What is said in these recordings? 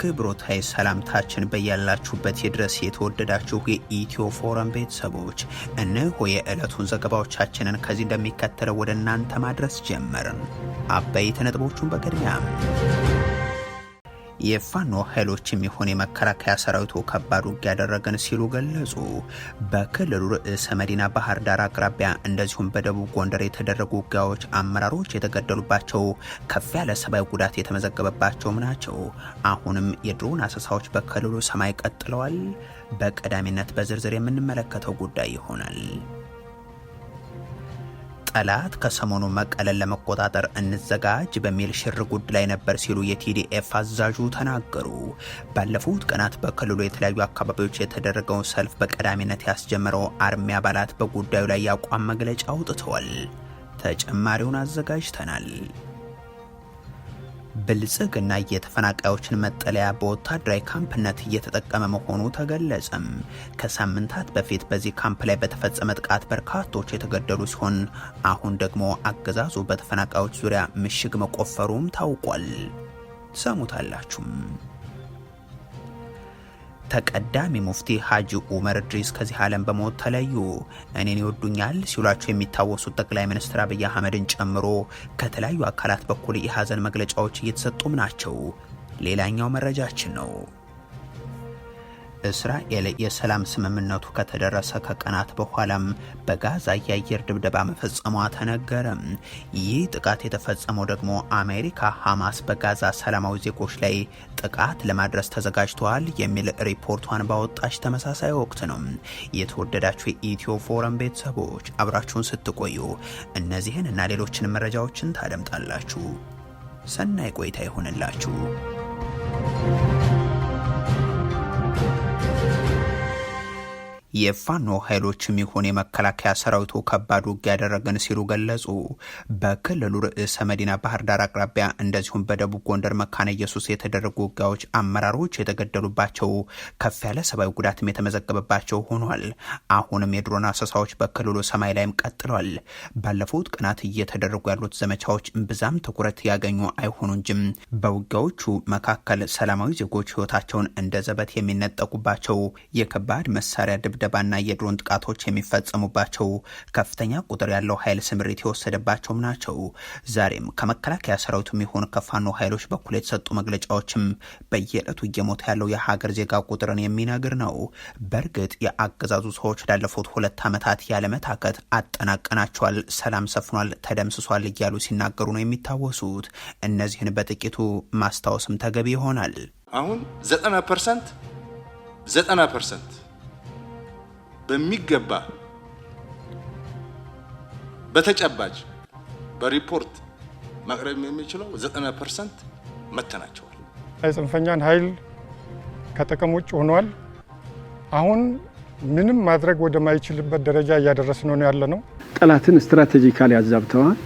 ክብሮታይ ሰላምታችን በያላችሁበት ድረስ የተወደዳችሁ የኢትዮ ፎረም ቤተሰቦች እነሆ የዕለቱን ዘገባዎቻችንን ከዚህ እንደሚከተለው ወደ እናንተ ማድረስ ጀመርን። አበይት ነጥቦቹን በቅድሚያ የፋኖ ኃይሎች የሚሆን የመከላከያ ሰራዊቱ ከባድ ውጊያ ያደረገን ሲሉ ገለጹ። በክልሉ ርዕሰ መዲና ባህር ዳር አቅራቢያ እንደዚሁም በደቡብ ጎንደር የተደረጉ ውጊያዎች አመራሮች የተገደሉባቸው፣ ከፍ ያለ ሰብአዊ ጉዳት የተመዘገበባቸውም ናቸው። አሁንም የድሮን አሰሳዎች በክልሉ ሰማይ ቀጥለዋል። በቀዳሚነት በዝርዝር የምንመለከተው ጉዳይ ይሆናል። ጠላት ከሰሞኑ መቀለን ለመቆጣጠር እንዘጋጅ በሚል ሽር ጉድ ላይ ነበር ሲሉ የቲዲኤፍ አዛዡ ተናገሩ። ባለፉት ቀናት በክልሉ የተለያዩ አካባቢዎች የተደረገውን ሰልፍ በቀዳሚነት ያስጀመረው አርሚ አባላት በጉዳዩ ላይ ያቋም መግለጫ አውጥተዋል። ተጨማሪውን አዘጋጅተናል። ብልጽግና የተፈናቃዮችን መጠለያ በወታደራዊ ካምፕነት እየተጠቀመ መሆኑ ተገለጸም። ከሳምንታት በፊት በዚህ ካምፕ ላይ በተፈጸመ ጥቃት በርካቶች የተገደሉ ሲሆን አሁን ደግሞ አገዛዙ በተፈናቃዮች ዙሪያ ምሽግ መቆፈሩም ታውቋል። ሰሙታላችሁም። ተቀዳሚ ሙፍቲ ሀጂ ኡመር ድሪስ ከዚህ ዓለም በሞት ተለዩ። እኔን ይወዱኛል ሲሏቸው የሚታወሱት ጠቅላይ ሚኒስትር አብይ አህመድን ጨምሮ ከተለያዩ አካላት በኩል የሀዘን መግለጫዎች እየተሰጡም ናቸው። ሌላኛው መረጃችን ነው። እስራኤል የሰላም ስምምነቱ ከተደረሰ ከቀናት በኋላም በጋዛ የአየር ድብደባ መፈጸሟ ተነገረ። ይህ ጥቃት የተፈጸመው ደግሞ አሜሪካ ሐማስ በጋዛ ሰላማዊ ዜጎች ላይ ጥቃት ለማድረስ ተዘጋጅተዋል የሚል ሪፖርቷን ባወጣች ተመሳሳይ ወቅት ነው። የተወደዳችሁ የኢትዮ ፎረም ቤተሰቦች አብራችሁን ስትቆዩ እነዚህን እና ሌሎችንም መረጃዎችን ታደምጣላችሁ። ሰናይ ቆይታ ይሆንላችሁ። የፋኖ ኃይሎችም ይሁን የመከላከያ ሰራዊቱ ከባድ ውጊያ ያደረግን ሲሉ ገለጹ። በክልሉ ርዕሰ መዲና ባህር ዳር አቅራቢያ እንደዚሁም በደቡብ ጎንደር መካነ ኢየሱስ የተደረጉ ውጊያዎች አመራሮች የተገደሉባቸው ከፍ ያለ ሰብአዊ ጉዳትም የተመዘገበባቸው ሆኗል። አሁንም የድሮን አሰሳዎች በክልሉ ሰማይ ላይም ቀጥሏል። ባለፉት ቀናት እየተደረጉ ያሉት ዘመቻዎች እምብዛም ትኩረት ያገኙ አይሆኑ እንጂም በውጊያዎቹ መካከል ሰላማዊ ዜጎች ህይወታቸውን እንደ ዘበት የሚነጠቁባቸው የከባድ መሳሪያ ድብደ ድብደባና የድሮን ጥቃቶች የሚፈጸሙባቸው ከፍተኛ ቁጥር ያለው ኃይል ስምሪት የወሰደባቸውም ናቸው። ዛሬም ከመከላከያ ሰራዊቱ የሚሆን ከፋኖ ኃይሎች በኩል የተሰጡ መግለጫዎችም በየዕለቱ እየሞተ ያለው የሀገር ዜጋ ቁጥርን የሚነግር ነው። በእርግጥ የአገዛዙ ሰዎች ላለፉት ሁለት ዓመታት ያለመታከት አጠናቀናቸዋል፣ ሰላም ሰፍኗል፣ ተደምስሷል እያሉ ሲናገሩ ነው የሚታወሱት። እነዚህን በጥቂቱ ማስታወስም ተገቢ ይሆናል። አሁን ዘጠና ፐርሰንት ዘጠና ፐርሰንት በሚገባ በተጨባጭ በሪፖርት ማቅረብ የሚችለው ዘጠና ፐርሰንት መተናቸዋል። የጽንፈኛን ኃይል ከጥቅም ውጭ ሆኗል። አሁን ምንም ማድረግ ወደማይችልበት ደረጃ እያደረስን ነው ያለ ነው። ጠላትን ስትራቴጂካሊ አዛብተዋል።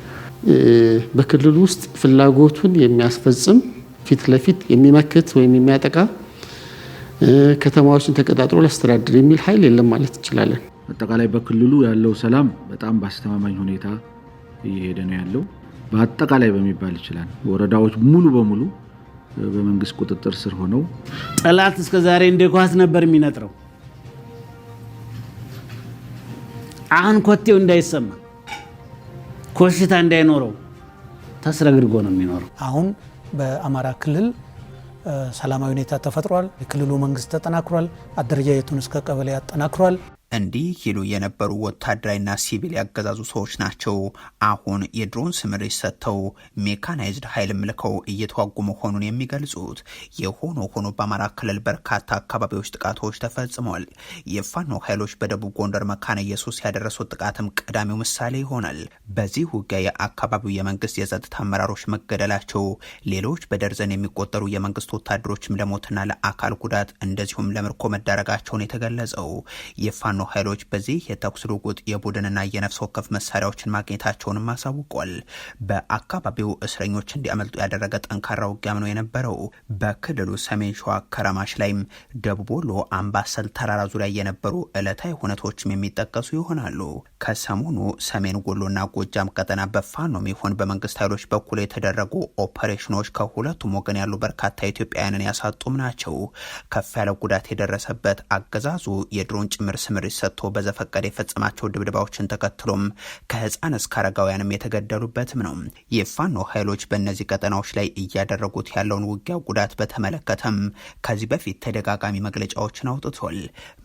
በክልሉ ውስጥ ፍላጎቱን የሚያስፈጽም ፊት ለፊት የሚመክት ወይም የሚያጠቃ ከተማዎችን ተቀጣጥሮ ሊያስተዳድር የሚል ኃይል የለም ማለት እንችላለን። አጠቃላይ በክልሉ ያለው ሰላም በጣም በአስተማማኝ ሁኔታ እየሄደ ነው ያለው። በአጠቃላይ በሚባል ይችላል ወረዳዎች ሙሉ በሙሉ በመንግስት ቁጥጥር ስር ሆነው ጠላት እስከ ዛሬ እንደ ኳስ ነበር የሚነጥረው። አሁን ኮቴው እንዳይሰማ ኮሽታ እንዳይኖረው ተስረግድጎ ነው የሚኖረው። አሁን በአማራ ክልል ሰላማዊ ሁኔታ ተፈጥሯል። የክልሉ መንግስት ተጠናክሯል። አደረጃጀቱን እስከ ቀበሌ አጠናክሯል። እንዲህ ይሉ የነበሩ ወታደራዊና ሲቪል ያገዛዙ ሰዎች ናቸው። አሁን የድሮን ስምሪት ሰጥተው ሜካናይዝድ ኃይል ምልከው እየተዋጉ መሆኑን የሚገልጹት። የሆኖ ሆኖ በአማራ ክልል በርካታ አካባቢዎች ጥቃቶች ተፈጽመዋል። የፋኖ ኃይሎች በደቡብ ጎንደር መካነ ኢየሱስ ያደረሱት ጥቃትም ቀዳሚው ምሳሌ ይሆናል። በዚህ ውጊያ የአካባቢው የመንግስት የጸጥታ አመራሮች መገደላቸው፣ ሌሎች በደርዘን የሚቆጠሩ የመንግስት ወታደሮችም ለሞትና ለአካል ጉዳት እንደዚሁም ለምርኮ መዳረጋቸውን የተገለጸው የፋኖ የፋኖ ኃይሎች በዚህ የተኩስ ልውውጥ የቡድንና የነፍስ ወከፍ መሳሪያዎችን ማግኘታቸውንም አሳውቋል። በአካባቢው እስረኞች እንዲያመልጡ ያደረገ ጠንካራ ውጊያም ነው የነበረው። በክልሉ ሰሜን ሸዋ ከረማሽ ላይም፣ ደቡብ ወሎ አምባሰል ተራራ ዙሪያ የነበሩ ዕለታዊ ሁነቶችም የሚጠቀሱ ይሆናሉ። ከሰሞኑ ሰሜን ወሎና ጎጃም ቀጠና በፋኖም ይሁን በመንግስት ኃይሎች በኩል የተደረጉ ኦፐሬሽኖች ከሁለቱም ወገን ያሉ በርካታ ኢትዮጵያውያንን ያሳጡም ናቸው። ከፍ ያለ ጉዳት የደረሰበት አገዛዙ የድሮን ጭምር ስምር ትእዛዞች ሰጥቶ በዘፈቀደ የፈጸማቸው ድብድባዎችን ተከትሎም ከህፃን እስከ አረጋውያንም የተገደሉበትም ነው። የፋኖ ኃይሎች በእነዚህ ቀጠናዎች ላይ እያደረጉት ያለውን ውጊያ ጉዳት በተመለከተም ከዚህ በፊት ተደጋጋሚ መግለጫዎችን አውጥቷል።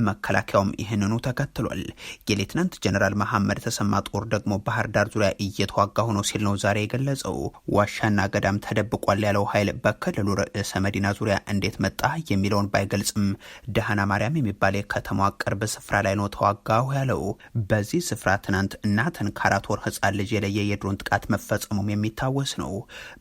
መከላከያውም ይህንኑ ተከትሏል። የሌትናንት ጀነራል መሐመድ ተሰማ ጦር ደግሞ ባህር ዳር ዙሪያ እየተዋጋሁ ነው ሲል ነው ዛሬ የገለጸው። ዋሻና ገዳም ተደብቋል ያለው ኃይል በክልሉ ርዕሰ መዲና ዙሪያ እንዴት መጣ የሚለውን ባይገልጽም ደህና ማርያም የሚባል የከተማዋ ቅርብ ስፍራ ላይ ነው ተዋጋሁ ያለው። በዚህ ስፍራ ትናንት እናትን ከአራት ወር ህጻን ልጅ የለየ የድሮን ጥቃት መፈጸሙም የሚታወስ ነው።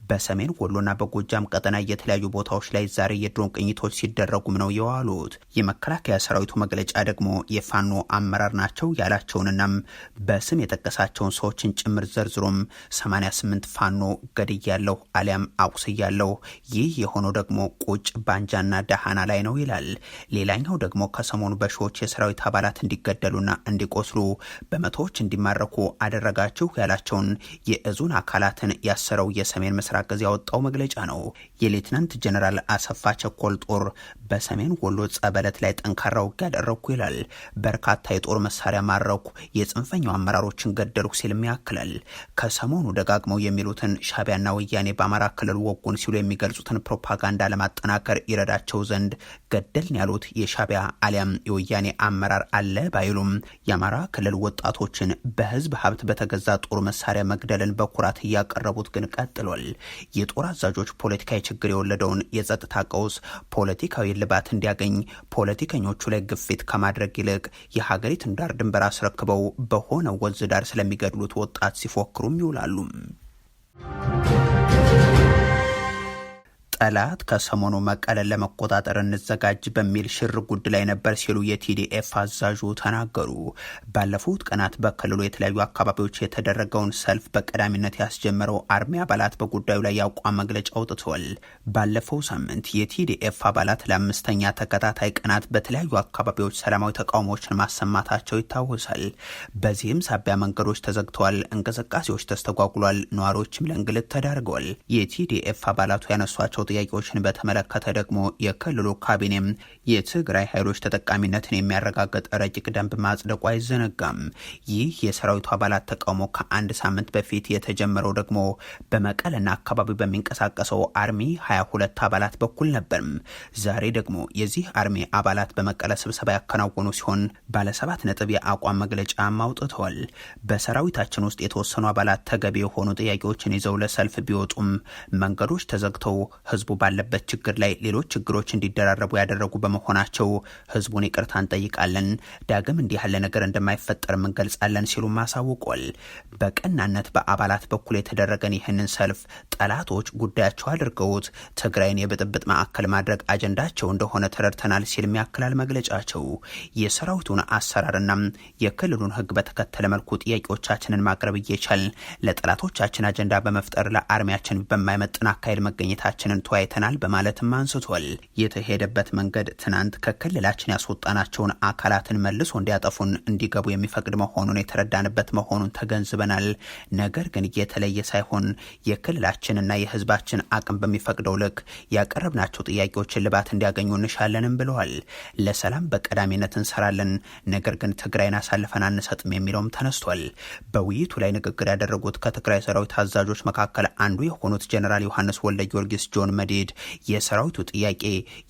በሰሜን ወሎና በጎጃም ቀጠና የተለያዩ ቦታዎች ላይ ዛሬ የድሮን ቅኝቶች ሲደረጉም ነው የዋሉት። የመከላከያ ሰራዊቱ መግለጫ ደግሞ የፋኖ አመራር ናቸው ያላቸውንናም በስም የጠቀሳቸውን ሰዎችን ጭምር ዘርዝሮም 88 ፋኖ ገድያለሁ አሊያም አቁስያለሁ፣ ይህ የሆነው ደግሞ ቁጭ ባንጃና ደሃና ላይ ነው ይላል። ሌላኛው ደግሞ ከሰሞኑ በሺዎች የሰራዊት አባላት ህጻናት እንዲገደሉና እንዲቆስሉ በመቶዎች እንዲማረኩ አደረጋችሁ ያላቸውን የእዙን አካላትን ያሰረው የሰሜን ምስራቅ እዝ ያወጣው መግለጫ ነው። የሌትናንት ጀነራል አሰፋ ቸኮል ጦር በሰሜን ወሎ ጸበለት ላይ ጠንካራ ውጊያ አደረግኩ ይላል። በርካታ የጦር መሳሪያ ማረኩ፣ የጽንፈኛው አመራሮችን ገደልኩ ሲልም ያክላል። ከሰሞኑ ደጋግመው የሚሉትን ሻቢያና ወያኔ በአማራ ክልል ወጉን ሲሉ የሚገልጹትን ፕሮፓጋንዳ ለማጠናከር ይረዳቸው ዘንድ ገደልን ያሉት የሻቢያ አሊያም የወያኔ አመራር አለ አለ ባይሉም የአማራ ክልል ወጣቶችን በህዝብ ሀብት በተገዛ ጦር መሳሪያ መግደልን በኩራት እያቀረቡት ግን ቀጥሏል። የጦር አዛዦች ፖለቲካዊ ችግር የወለደውን የጸጥታ ቀውስ ፖለቲካዊ ልባት እንዲያገኝ ፖለቲከኞቹ ላይ ግፊት ከማድረግ ይልቅ የሀገሪቱን ዳር ድንበር አስረክበው በሆነ ወንዝ ዳር ስለሚገድሉት ወጣት ሲፎክሩም ይውላሉ። ጠላት ከሰሞኑ መቀለን ለመቆጣጠር እንዘጋጅ በሚል ሽር ጉድ ላይ ነበር ሲሉ የቲዲኤፍ አዛዡ ተናገሩ። ባለፉት ቀናት በክልሉ የተለያዩ አካባቢዎች የተደረገውን ሰልፍ በቀዳሚነት ያስጀመረው አርሚ አባላት በጉዳዩ ላይ የአቋም መግለጫ አውጥቷል። ባለፈው ሳምንት የቲዲኤፍ አባላት ለአምስተኛ ተከታታይ ቀናት በተለያዩ አካባቢዎች ሰላማዊ ተቃውሞዎችን ማሰማታቸው ይታወሳል። በዚህም ሳቢያ መንገዶች ተዘግተዋል፣ እንቅስቃሴዎች ተስተጓጉሏል፣ ነዋሪዎችም ለእንግልት ተዳርገዋል። የቲዲኤፍ አባላቱ ያነሷቸው ጥያቄዎችን በተመለከተ ደግሞ የክልሉ ካቢኔም የትግራይ ኃይሎች ተጠቃሚነትን የሚያረጋግጥ ረቂቅ ደንብ ማጽደቁ አይዘነጋም። ይህ የሰራዊቱ አባላት ተቃውሞ ከአንድ ሳምንት በፊት የተጀመረው ደግሞ በመቀለና አካባቢው በሚንቀሳቀሰው አርሚ 22 አባላት በኩል ነበር። ዛሬ ደግሞ የዚህ አርሚ አባላት በመቀለ ስብሰባ ያከናወኑ ሲሆን ባለ ሰባት ነጥብ የአቋም መግለጫ አውጥተዋል። በሰራዊታችን ውስጥ የተወሰኑ አባላት ተገቢ የሆኑ ጥያቄዎችን ይዘው ለሰልፍ ቢወጡም መንገዶች ተዘግተው ህዝቡ ባለበት ችግር ላይ ሌሎች ችግሮች እንዲደራረቡ ያደረጉ በመሆናቸው ህዝቡን ይቅርታ እንጠይቃለን፣ ዳግም እንዲህ ያለ ነገር እንደማይፈጠርም እንገልጻለን ሲሉም አሳውቋል። በቀናነት በአባላት በኩል የተደረገን ይህንን ሰልፍ ጠላቶች ጉዳያቸው አድርገውት ትግራይን የብጥብጥ ማዕከል ማድረግ አጀንዳቸው እንደሆነ ተረድተናል ሲልም ያክላል መግለጫቸው። የሰራዊቱን አሰራርና የክልሉን ህግ በተከተለ መልኩ ጥያቄዎቻችንን ማቅረብ እየቻል ለጠላቶቻችን አጀንዳ በመፍጠር ለአርሚያችን በማይመጥን አካሄድ መገኘታችንን ሲወያዩቱ አይተናል በማለትም አንስቷል። የተሄደበት መንገድ ትናንት ከክልላችን ያስወጣናቸውን አካላትን መልሶ እንዲያጠፉን እንዲገቡ የሚፈቅድ መሆኑን የተረዳንበት መሆኑን ተገንዝበናል። ነገር ግን የተለየ ሳይሆን የክልላችንና የህዝባችን አቅም በሚፈቅደው ልክ ያቀረብናቸው ጥያቄዎችን ልባት እንዲያገኙ እንሻለንም ብለዋል። ለሰላም በቀዳሚነት እንሰራለን፣ ነገር ግን ትግራይን አሳልፈን አንሰጥም የሚለውም ተነስቷል። በውይይቱ ላይ ንግግር ያደረጉት ከትግራይ ሰራዊት አዛዦች መካከል አንዱ የሆኑት ጀኔራል ዮሐንስ ወልደ ጊዮርጊስ ጆን መድድ የሰራዊቱ ጥያቄ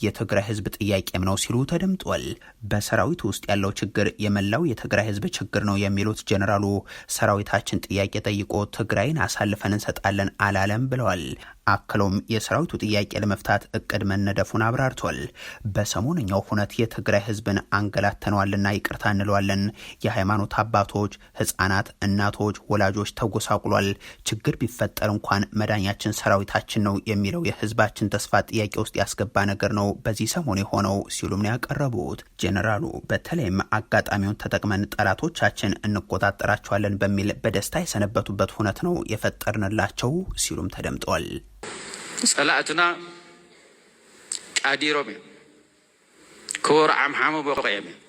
የትግራይ ህዝብ ጥያቄም ነው ሲሉ ተደምጧል። በሰራዊቱ ውስጥ ያለው ችግር የመላው የትግራይ ህዝብ ችግር ነው የሚሉት ጀኔራሉ ሰራዊታችን ጥያቄ ጠይቆ ትግራይን አሳልፈን እንሰጣለን አላለም ብለዋል። አክለውም የሰራዊቱ ጥያቄ ለመፍታት እቅድ መነደፉን አብራርቷል። በሰሞነኛው ሁነት የትግራይ ህዝብን አንገላተነዋልና ይቅርታ እንለዋለን። የሃይማኖት አባቶች፣ ህጻናት፣ እናቶች፣ ወላጆች ተጎሳቁሏል። ችግር ቢፈጠር እንኳን መዳኛችን ሰራዊታችን ነው የሚለው የህዝብ የህዝባችን ተስፋ ጥያቄ ውስጥ ያስገባ ነገር ነው በዚህ ሰሞን የሆነው ሲሉም ነው ያቀረቡት። ጄኔራሉ በተለይም አጋጣሚውን ተጠቅመን ጠላቶቻችን እንቆጣጠራቸዋለን በሚል በደስታ የሰነበቱበት ሁነት ነው የፈጠርንላቸው ሲሉም ተደምጠዋል። ጸላእትና ቃዲሮም እዮም ክቡር ዓምሓሙ በቆዮም እዮም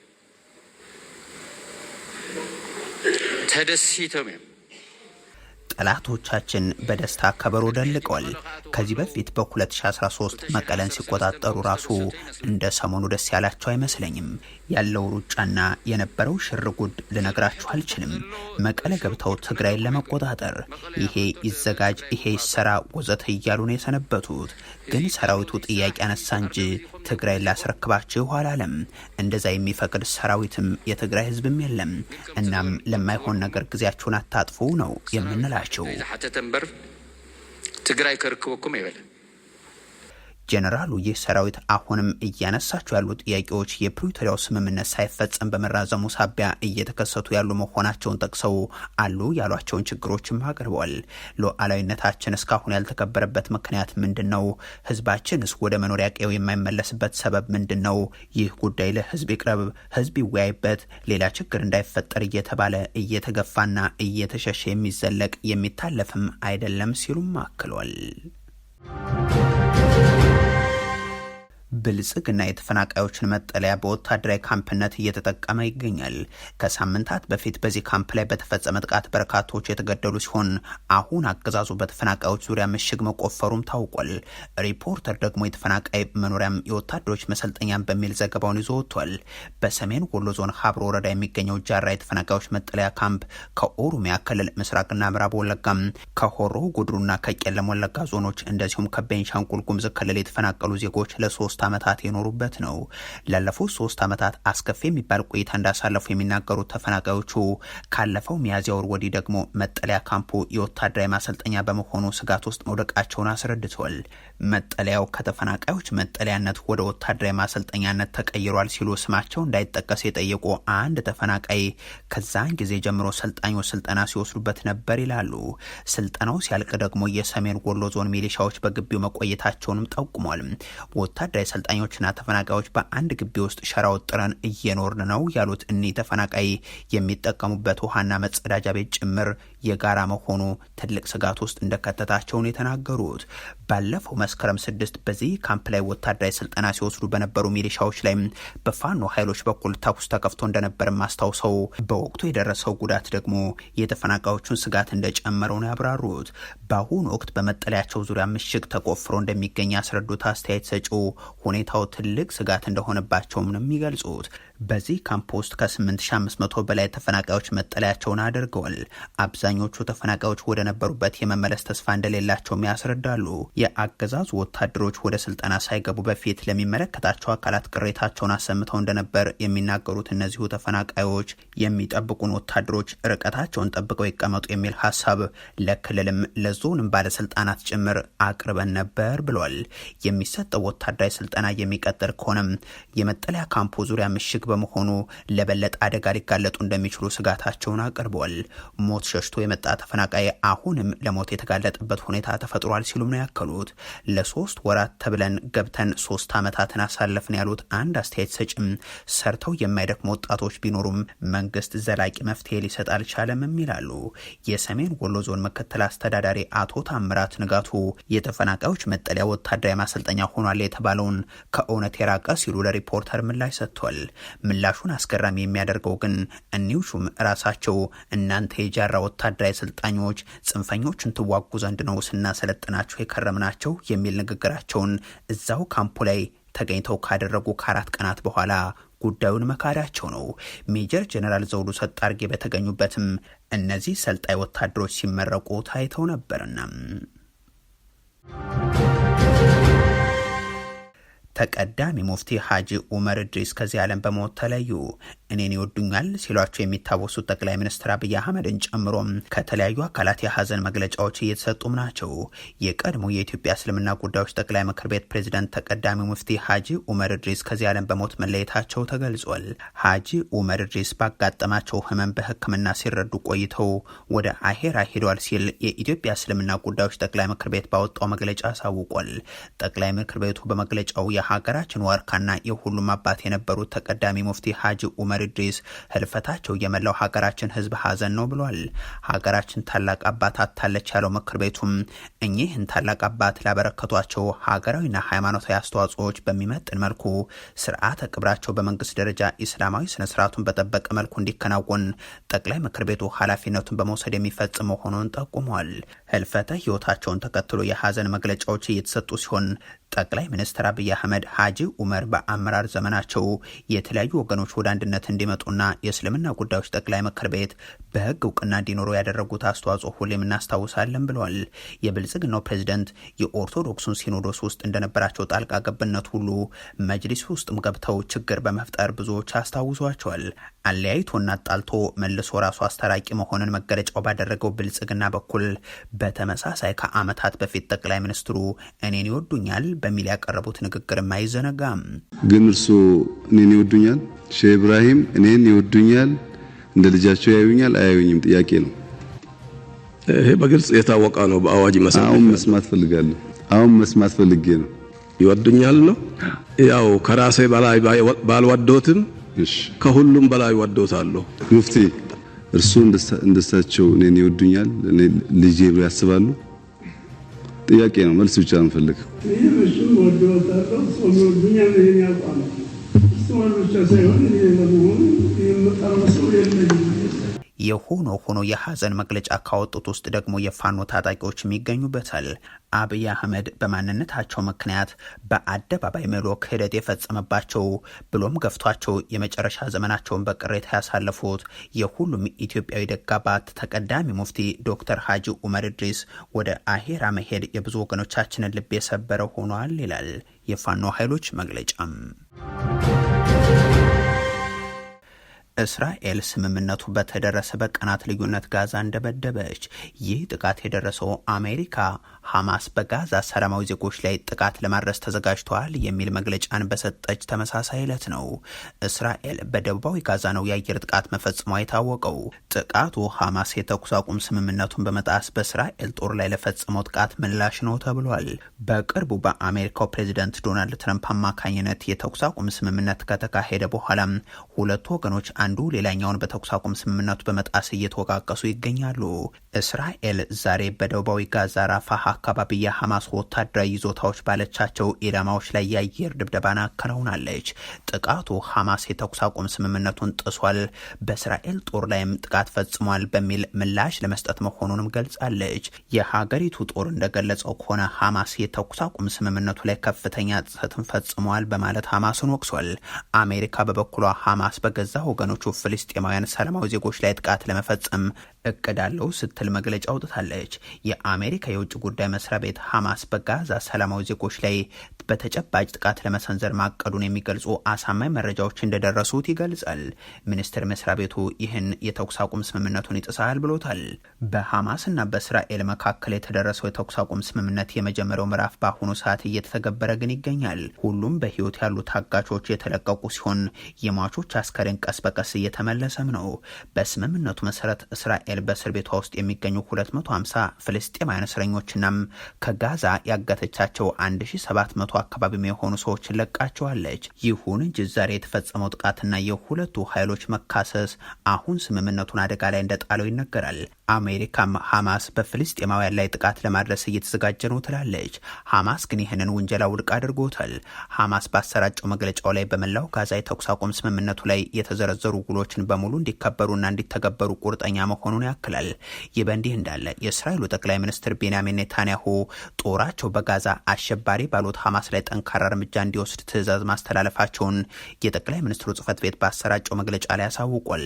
ተደሲቶም እዮም ጠላቶቻችን በደስታ ከበሮ ደልቀዋል። ከዚህ በፊት በ2013 መቀለን ሲቆጣጠሩ ራሱ እንደ ሰሞኑ ደስ ያላቸው አይመስለኝም። ያለው ሩጫና የነበረው ሽርጉድ ልነግራችሁ አልችልም። መቀለ ገብተው ትግራይን ለመቆጣጠር ይሄ ይዘጋጅ፣ ይሄ ይሰራ ወዘተ እያሉ ነው የሰነበቱት። ግን ሰራዊቱ ጥያቄ አነሳ እንጂ ትግራይ ላስረክባችሁ አላለም። እንደዛ የሚፈቅድ ሰራዊትም የትግራይ ህዝብም የለም። እናም ለማይሆን ነገር ጊዜያችሁን አታጥፉ ነው የምንላቸው። ትግራይ ከርክበኩም አይበለን ጄኔራሉ ይህ ሰራዊት አሁንም እያነሳቸው ያሉ ጥያቄዎች የፕሪቶሪያው ስምምነት ሳይፈጸም በመራዘሙ ሳቢያ እየተከሰቱ ያሉ መሆናቸውን ጠቅሰው አሉ ያሏቸውን ችግሮችም አቅርበዋል። ሉዓላዊነታችን እስካሁን ያልተከበረበት ምክንያት ምንድን ነው? ህዝባችንስ ወደ መኖሪያ ቀዬው የማይመለስበት ሰበብ ምንድን ነው? ይህ ጉዳይ ለህዝብ ይቅረብ፣ ህዝብ ይወያይበት፣ ሌላ ችግር እንዳይፈጠር እየተባለ እየተገፋና እየተሸሸ የሚዘለቅ የሚታለፍም አይደለም ሲሉም አክሏል። ብልጽግና የተፈናቃዮችን መጠለያ በወታደራዊ ካምፕነት እየተጠቀመ ይገኛል። ከሳምንታት በፊት በዚህ ካምፕ ላይ በተፈጸመ ጥቃት በርካቶች የተገደሉ ሲሆን አሁን አገዛዙ በተፈናቃዮች ዙሪያ ምሽግ መቆፈሩም ታውቋል። ሪፖርተር ደግሞ የተፈናቃይ መኖሪያም የወታደሮች መሰልጠኛም በሚል ዘገባውን ይዞ ወጥቷል። በሰሜን ወሎ ዞን ሀብሮ ወረዳ የሚገኘው ጃራ የተፈናቃዮች መጠለያ ካምፕ ከኦሮሚያ ክልል ምስራቅና ምዕራብ ወለጋም ከሆሮ ጉድሩና ከቄለም ወለጋ ዞኖች እንደዚሁም ከቤንሻንጉል ክልል የተፈናቀሉ ዜጎች ለሶስት ዓመታት የኖሩበት ነው። ላለፉት ሶስት ዓመታት አስከፊ የሚባል ቆይታ እንዳሳለፉ የሚናገሩት ተፈናቃዮቹ ካለፈው ሚያዝያ ወር ወዲህ ደግሞ መጠለያ ካምፑ የወታደራዊ ማሰልጠኛ በመሆኑ ስጋት ውስጥ መውደቃቸውን አስረድተዋል። መጠለያው ከተፈናቃዮች መጠለያነት ወደ ወታደራዊ ማሰልጠኛነት ተቀይሯል ሲሉ ስማቸው እንዳይጠቀስ የጠየቁ አንድ ተፈናቃይ ከዛን ጊዜ ጀምሮ ሰልጣኞች ስልጠና ሲወስዱበት ነበር ይላሉ። ስልጠናው ሲያልቅ ደግሞ የሰሜን ወሎ ዞን ሚሊሻዎች በግቢው መቆየታቸውንም ጠቁሟል። ወታደራዊ ሰልጣኞችና ተፈናቃዮች በአንድ ግቢ ውስጥ ሸራ ወጥረን እየኖርን ነው ያሉት እኒህ ተፈናቃይ የሚጠቀሙበት ውሃና መጸዳጃ ቤት ጭምር የጋራ መሆኑ ትልቅ ስጋት ውስጥ እንደከተታቸውን የተናገሩት ባለፈው መስከረም ስድስት በዚህ ካምፕ ላይ ወታደራዊ ስልጠና ሲወስዱ በነበሩ ሚሊሻዎች ላይ በፋኖ ኃይሎች በኩል ተኩስ ተከፍቶ እንደነበር ማስታውሰው በወቅቱ የደረሰው ጉዳት ደግሞ የተፈናቃዮቹን ስጋት እንደጨመረው ነው ያብራሩት። በአሁኑ ወቅት በመጠለያቸው ዙሪያ ምሽግ ተቆፍሮ እንደሚገኝ ያስረዱት አስተያየት ሰጪው ሁኔታው ትልቅ ስጋት እንደሆነባቸውም ነው የሚገልጹት። በዚህ ካምፕ ውስጥ ከ8500 በላይ ተፈናቃዮች መጠለያቸውን አድርገዋል። አብዛኞቹ ተፈናቃዮች ወደ ነበሩበት የመመለስ ተስፋ እንደሌላቸውም ያስረዳሉ። የአገዛዙ ወታደሮች ወደ ስልጠና ሳይገቡ በፊት ለሚመለከታቸው አካላት ቅሬታቸውን አሰምተው እንደነበር የሚናገሩት እነዚሁ ተፈናቃዮች የሚጠብቁን ወታደሮች ርቀታቸውን ጠብቀው ይቀመጡ የሚል ሀሳብ ለክልልም ለዞንም ባለስልጣናት ጭምር አቅርበን ነበር ብሏል። የሚሰጠው ወታደራዊ ስልጠና የሚቀጥል ከሆነም የመጠለያ ካምፑ ዙሪያ ምሽግ በመሆኑ ለበለጠ አደጋ ሊጋለጡ እንደሚችሉ ስጋታቸውን አቅርበዋል። ሞት ሸሽቶ የመጣ ተፈናቃይ አሁንም ለሞት የተጋለጠበት ሁኔታ ተፈጥሯል ሲሉም ነው ያከሉት። ለሶስት ወራት ተብለን ገብተን ሶስት ዓመታትን አሳለፍን ያሉት አንድ አስተያየት ሰጭም ሰርተው የማይደክሙ ወጣቶች ቢኖሩም መንግስት ዘላቂ መፍትሄ ሊሰጥ አልቻለምም ይላሉ። የሰሜን ወሎ ዞን ምክትል አስተዳዳሪ አቶ ታምራት ንጋቱ የተፈናቃዮች መጠለያ ወታደራዊ ማሰልጠኛ ሆኗል የተባለውን ከእውነት የራቀ ሲሉ ለሪፖርተር ምላሽ ሰጥቷል። ምላሹን አስገራሚ የሚያደርገው ግን እኒው ሹም ራሳቸው እናንተ የጃራ ወታደራዊ ሰልጣኞች ጽንፈኞቹን ትዋጉ ዘንድ ነው ስናሰለጥናቸው የከረምናቸው የሚል ንግግራቸውን እዛው ካምፑ ላይ ተገኝተው ካደረጉ ከአራት ቀናት በኋላ ጉዳዩን መካዳቸው ነው። ሜጀር ጀነራል ዘውዱ ሰጣርጌ በተገኙበትም እነዚህ ሰልጣኝ ወታደሮች ሲመረቁ ታይተው ነበርና ተቀዳሚ ሙፍቲ ሀጂ ኡመር እድሪስ ከዚህ ዓለም በሞት ተለዩ። እኔን ይወዱኛል ሲሏቸው የሚታወሱት ጠቅላይ ሚኒስትር አብይ አህመድን ጨምሮም ከተለያዩ አካላት የሀዘን መግለጫዎች እየተሰጡም ናቸው። የቀድሞ የኢትዮጵያ እስልምና ጉዳዮች ጠቅላይ ምክር ቤት ፕሬዚደንት ተቀዳሚ ሙፍቲ ሀጂ ኡመር እድሪስ ከዚህ ዓለም በሞት መለየታቸው ተገልጿል። ሀጂ ኡመር እድሪስ ባጋጠማቸው ህመም በሕክምና ሲረዱ ቆይተው ወደ አሄራ ሂዷል ሲል የኢትዮጵያ እስልምና ጉዳዮች ጠቅላይ ምክር ቤት ባወጣው መግለጫ አሳውቋል። ጠቅላይ ምክር ቤቱ በመግለጫው የሀገራችን ዋርካና የሁሉም አባት የነበሩት ተቀዳሚ ሙፍቲ ሀጂ ኡመር ኢድሪስ ህልፈታቸው የመላው ሀገራችን ህዝብ ሀዘን ነው ብሏል። ሀገራችን ታላቅ አባት አታለች ያለው ምክር ቤቱም እኚህን ታላቅ አባት ላበረከቷቸው ሀገራዊና ሃይማኖታዊ አስተዋጽኦዎች በሚመጥን መልኩ ስርዓተ ቅብራቸው በመንግስት ደረጃ ኢስላማዊ ስነስርዓቱን በጠበቀ መልኩ እንዲከናወን ጠቅላይ ምክር ቤቱ ኃላፊነቱን በመውሰድ የሚፈጽም መሆኑን ጠቁሟል። ህልፈተ ህይወታቸውን ተከትሎ የሀዘን መግለጫዎች እየተሰጡ ሲሆን ጠቅላይ ሚኒስትር አብይ አህመድ ሀጂ ኡመር በአመራር ዘመናቸው የተለያዩ ወገኖች ወደ አንድነት እንዲመጡና የእስልምና ጉዳዮች ጠቅላይ ምክር ቤት በህግ እውቅና እንዲኖሩ ያደረጉት አስተዋጽኦ ሁሌም እናስታውሳለን ብለዋል። የብልጽግናው ፕሬዚደንት የኦርቶዶክሱን ሲኖዶስ ውስጥ እንደነበራቸው ጣልቃ ገብነት ሁሉ መጅሊስ ውስጥም ገብተው ችግር በመፍጠር ብዙዎች አስታውሷቸዋል። አለያይቶና ጣልቶ መልሶ ራሱ አስታራቂ መሆንን መገለጫው ባደረገው ብልጽግና በኩል በተመሳሳይ ከአመታት በፊት ጠቅላይ ሚኒስትሩ እኔን ይወዱኛል በሚል ያቀረቡት ንግግርም አይዘነጋም። ግን እርሱ እኔን ይወዱኛል፣ ሼህ ኢብራሂም እኔን ይወዱኛል፣ እንደ ልጃቸው ያዩኛል፣ አያዩኝም ጥያቄ ነው። ይሄ በግልጽ የታወቀ ነው። በአዋጅ መሰረት አሁን መስማት ፈልጋለሁ። አሁን መስማት ፈልጌ ነው። ይወዱኛል ነው ያው ከራሴ በላይ ባልወዶትም ከሁሉም በላይ ወዶታለሁ። ሙፍቲ እርሱ እንደሳቸው እኔን ይወዱኛል፣ ልጄ ብሎ ያስባሉ? ጥያቄ ነው። መልስ ብቻ እንፈልግ። ይህም እሱን ወዶ ወጣለው ሰው ወዱኛል። ይህን ያውቋል። እሱ ብቻ ሳይሆን ለመሆኑ የምቀርበ ሰው የለኝም የሆኖ ሆኖ የሐዘን መግለጫ ካወጡት ውስጥ ደግሞ የፋኖ ታጣቂዎች ይገኙበታል። አብይ አህመድ በማንነታቸው ምክንያት በአደባባይ መሎ ክህደት የፈጸመባቸው ብሎም ገፍቷቸው የመጨረሻ ዘመናቸውን በቅሬታ ያሳለፉት የሁሉም ኢትዮጵያዊ ደግ አባት ተቀዳሚ ሙፍቲ ዶክተር ሀጂ ኡመር ድሪስ ወደ አሄራ መሄድ የብዙ ወገኖቻችንን ልብ የሰበረ ሆኗል ይላል የፋኖ ኃይሎች መግለጫም። እስራኤል ስምምነቱ በተደረሰ በቀናት ልዩነት ጋዛ እንደበደበች። ይህ ጥቃት የደረሰው አሜሪካ ሐማስ በጋዛ ሰላማዊ ዜጎች ላይ ጥቃት ለማድረስ ተዘጋጅተዋል የሚል መግለጫን በሰጠች ተመሳሳይ ዕለት ነው። እስራኤል በደቡባዊ ጋዛ ነው የአየር ጥቃት መፈጽሟ የታወቀው። ጥቃቱ ሐማስ የተኩስ አቁም ስምምነቱን በመጣስ በእስራኤል ጦር ላይ ለፈጸመው ጥቃት ምላሽ ነው ተብሏል። በቅርቡ በአሜሪካው ፕሬዚደንት ዶናልድ ትራምፕ አማካኝነት የተኩስ አቁም ስምምነት ከተካሄደ በኋላ ሁለቱ ወገኖች አንዱ ሌላኛውን በተኩስ አቁም ስምምነቱ በመጣስ እየተወቃቀሱ ይገኛሉ። እስራኤል ዛሬ በደቡባዊ ጋዛ ራፋህ አካባቢ የሐማስ ወታደራዊ ይዞታዎች ባለቻቸው ኢላማዎች ላይ የአየር ድብደባን አከናውናለች። ጥቃቱ ሐማስ የተኩስ አቁም ስምምነቱን ጥሷል፣ በእስራኤል ጦር ላይም ጥቃት ፈጽሟል በሚል ምላሽ ለመስጠት መሆኑንም ገልጻለች። የሀገሪቱ ጦር እንደገለጸው ከሆነ ሐማስ የተኩስ አቁም ስምምነቱ ላይ ከፍተኛ ጥሰትን ፈጽሟል በማለት ሐማስን ወቅሷል። አሜሪካ በበኩሏ ሐማስ በገዛ ወገኖች አማጺዎቹ ፍልስጤማውያን ሰላማዊ ዜጎች ላይ ጥቃት ለመፈጸም እቅድ ስትል መግለጫ አውጥታለች። የአሜሪካ የውጭ ጉዳይ መስሪያ ቤት ሐማስ በጋዛ ሰላማዊ ዜጎች ላይ በተጨባጭ ጥቃት ለመሰንዘር ማቀዱን የሚገልጹ አሳማኝ መረጃዎች እንደደረሱት ይገልጻል። ሚኒስቴር መስሪያ ቤቱ ይህን የተኩስ አቁም ስምምነቱን ይጥሳል ብሎታል። በሐማስና በእስራኤል መካከል የተደረሰው የተኩስ አቁም ስምምነት የመጀመሪያው ምዕራፍ በአሁኑ ሰዓት እየተተገበረ ግን ይገኛል። ሁሉም በህይወት ያሉ ታጋቾች የተለቀቁ ሲሆን የሟቾች አስከሬን ቀስ በቀስ ሐማስ እየተመለሰም ነው። በስምምነቱ መሰረት እስራኤል በእስር ቤቷ ውስጥ የሚገኙ 250 ፍልስጤማውያን እስረኞችናም ከጋዛ ያጋተቻቸው 1700 አካባቢ የሆኑ ሰዎች ለቃቸዋለች። ይሁን እንጂ ዛሬ የተፈጸመው ጥቃትና የሁለቱ ኃይሎች መካሰስ አሁን ስምምነቱን አደጋ ላይ እንደጣለው ይነገራል። አሜሪካም ሐማስ በፍልስጤማውያን ላይ ጥቃት ለማድረስ እየተዘጋጀ ነው ትላለች። ሐማስ ግን ይህንን ውንጀላ ውድቅ አድርጎታል። ሐማስ ባሰራጨው መግለጫው ላይ በመላው ጋዛ የተኩስ አቁም ስምምነቱ ላይ የተዘረዘሩ ውሎችን በሙሉ እንዲከበሩና እንዲተገበሩ ቁርጠኛ መሆኑን ያክላል። ይህ በእንዲህ እንዳለ የእስራኤሉ ጠቅላይ ሚኒስትር ቤንያሚን ኔታንያሁ ጦራቸው በጋዛ አሸባሪ ባሉት ሐማስ ላይ ጠንካራ እርምጃ እንዲወስድ ትዕዛዝ ማስተላለፋቸውን የጠቅላይ ሚኒስትሩ ጽህፈት ቤት ባሰራጨው መግለጫ ላይ አሳውቋል።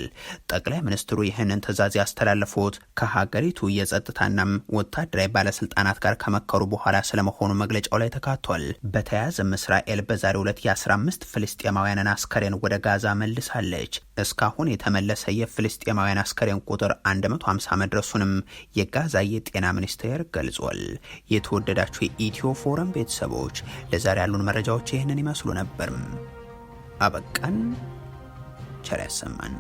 ጠቅላይ ሚኒስትሩ ይህንን ትዕዛዝ ያስተላለፉት ከሀገሪቱ የጸጥታና ወታደራዊ ባለስልጣናት ጋር ከመከሩ በኋላ ስለመሆኑ መግለጫው ላይ ተካቷል። በተያያዘም እስራኤል በዛሬው ዕለት የ15 ፍልስጤማውያንን አስከሬን ወደ ጋዛ መልሳለች። እስካሁን የተመለሰ የፍልስጤማውያን አስከሬን ቁጥር 150 መድረሱንም የጋዛ የጤና ሚኒስቴር ገልጿል። የተወደዳችሁ የኢትዮ ፎረም ቤተሰቦች ለዛሬ ያሉን መረጃዎች ይህንን ይመስሉ ነበር። አበቃን። ቸር ያሰማን።